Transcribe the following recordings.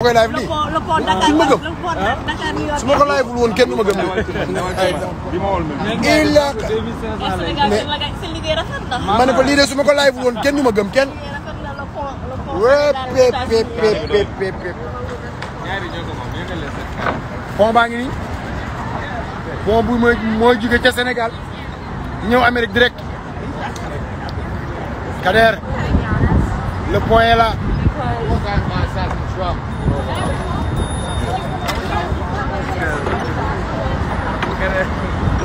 su ma koy laaj lii ma woon kenn du ma gëm lii. ma ne ko lii de su ma ko laajul woon kenn du ma gëm kenn. pont baa ngi nii pont bu mooy mooy ca Sénégal ñëw Amérique direct. Kader le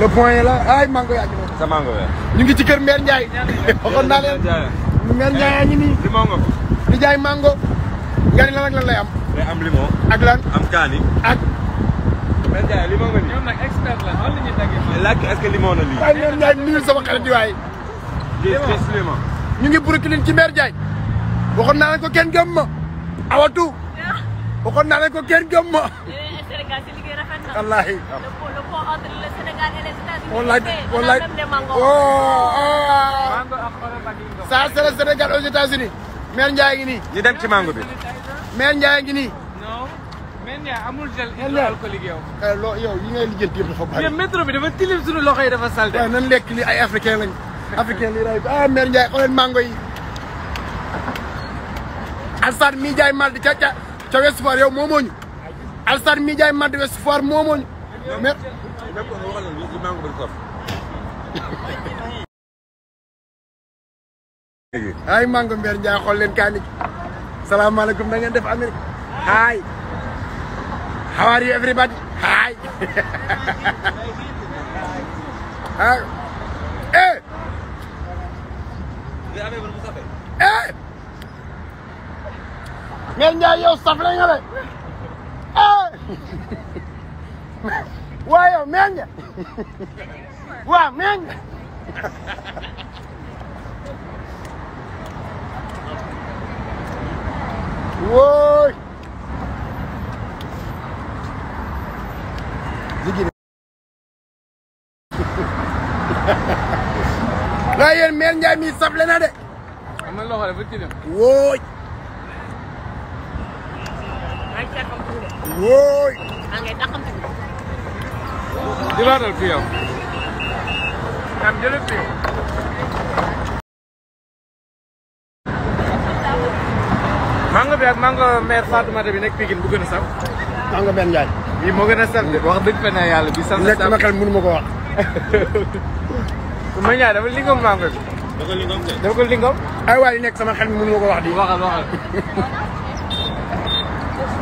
le la ay ñu ngi ci kër Mère Ndiaye. waxoon naa leen Mère Ndiaye yaa ngi nii. limon am. ak lan am kaani. ak. Mère Ndiaye limon nga nii. ñoom nag expert la waaye ñu ngi Brooklyn ci Mère Ndiaye. waxoon naa leen ko kenn gëm awatu. waxoon naa leen ko kenn gëm wallaahi. le pont le pont entre le Sénégal et les États-Unis. wallaahi wallaahi ça c'est le Sénégal aux États-Unis. Mère Ndiaye ngi nii. ñu dem ci mango bi. Mère Ndiaye ngi nii. non. Mère Ndiaye amul gel hydroalcoolique yow. Eh, loo yow yi ngay lijjanti yëpp dafa bari. métro bi dafa tilim suñu loxo yi dafa salte. waaw eh, nan lekk li ay africain lañ. africain li ray ah Mère Ndiaye xoolal mango yi. Assane mi jaay mal di ca ca ca West Foire yow moomoo ñu Alassane mi jaay Mad West Foire moomoñu mais ay mango mbeer Ndiaye xool leen kaa nit salaamaaleykum def Amérique hi how are you everybody hi ah eh eh mbeer Ndiaye yow Uai, Armênia! Uai, Armênia! Uai! Đây em men dây mì sập lên đấy. Em lo hỏi với chị được. Ôi. Anh sẽ không thu được. Anh ấy đã không thu jëlaatal fi yow am jëlal fi yow mango bi ak mango mère Fatoumata bi nekk Pikine bu gën a saf mango mère Ndiaye bi moo gën a saf de wax dëgg fa ne yàlla bi saf nekk ma xel mënu ma ko wax ma ñaar dafa lingom mango bi dafa lingom dafa ko lingom ay waay nekk sama xel mënu ma ko wax di waxal waxal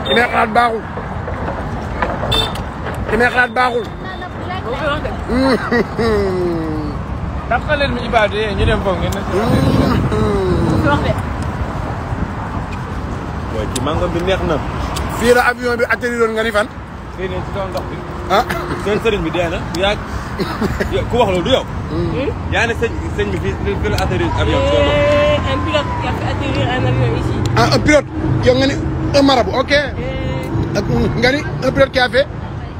ki may xalaat baaxul ki may xalaat baaxul tàqal leen mi ibaadu yee ñu dem foofu ngeen ne wax de fan fii ne ci kaw ah seen eh, sëriñ bi dee na yaa ku wax loolu du yow yaa ne sëñ sëñ bi fii fii la atterri avion bi un pilote qui a ah un pilote yow nga ni un marabout ok nga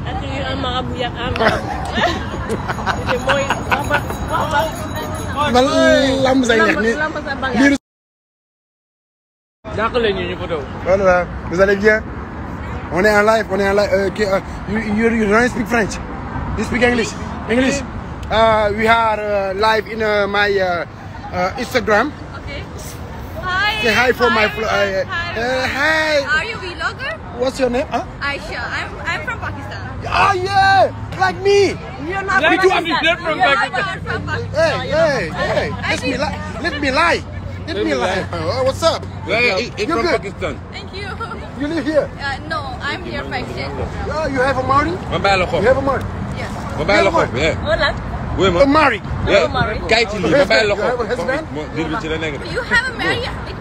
accueillir un marabout y a un marabout. te mooy lamb man lamb sa bagage. jàppale ñu ñu ko daw. voilà vous allez bien. on est en live on est en live uh, you you you don't speak French. you speak English English. Uh, we are uh, live in uh, my uh, Instagram. okay. hi say hi for hi, my. hi hi what's your name? Huh? Aisha. I'm I'm from Pakistan. Oh yeah, like me. You're not from Pakistan. You're Not from Pakistan. Hey, hey, hey. Let me lie. Let me lie. Let, me lie. Oh, what's up? Yeah, yeah. You're from Pakistan. Thank you. You live here? Uh, no, I'm here for exchange. Yeah, you have a Mari? You have a Mari? Yes. You have a Mari? Yeah. Hola. Oui, ma. Mari. Yeah. No, Mari. Kijk jullie, mijn bij Lokko. You have a Mari? It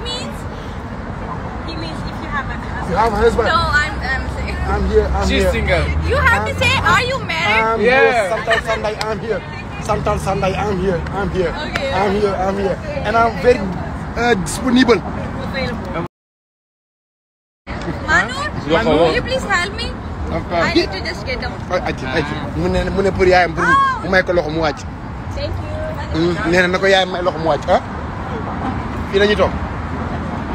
I'm her husband. No, I'm, I'm saying. I'm here. I'm She's here. single. You have I'm, to say, are you married? I'm yeah. Here. Sometimes Sunday I'm here. Sometimes Sunday I'm here. I'm here. Okay. I'm here. I'm here. And I'm very uh, disponible. Available. Manu, Manu, will you please help me? Okay. I need to just get down. Aji, aji. Mu ne mu ne pour yaayam pour mu oh. may ko Thank you. Hmm? Nee na na ko yaayam may loxo mu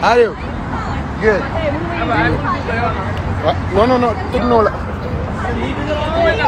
are ah? you? good. What? No, no, no. Take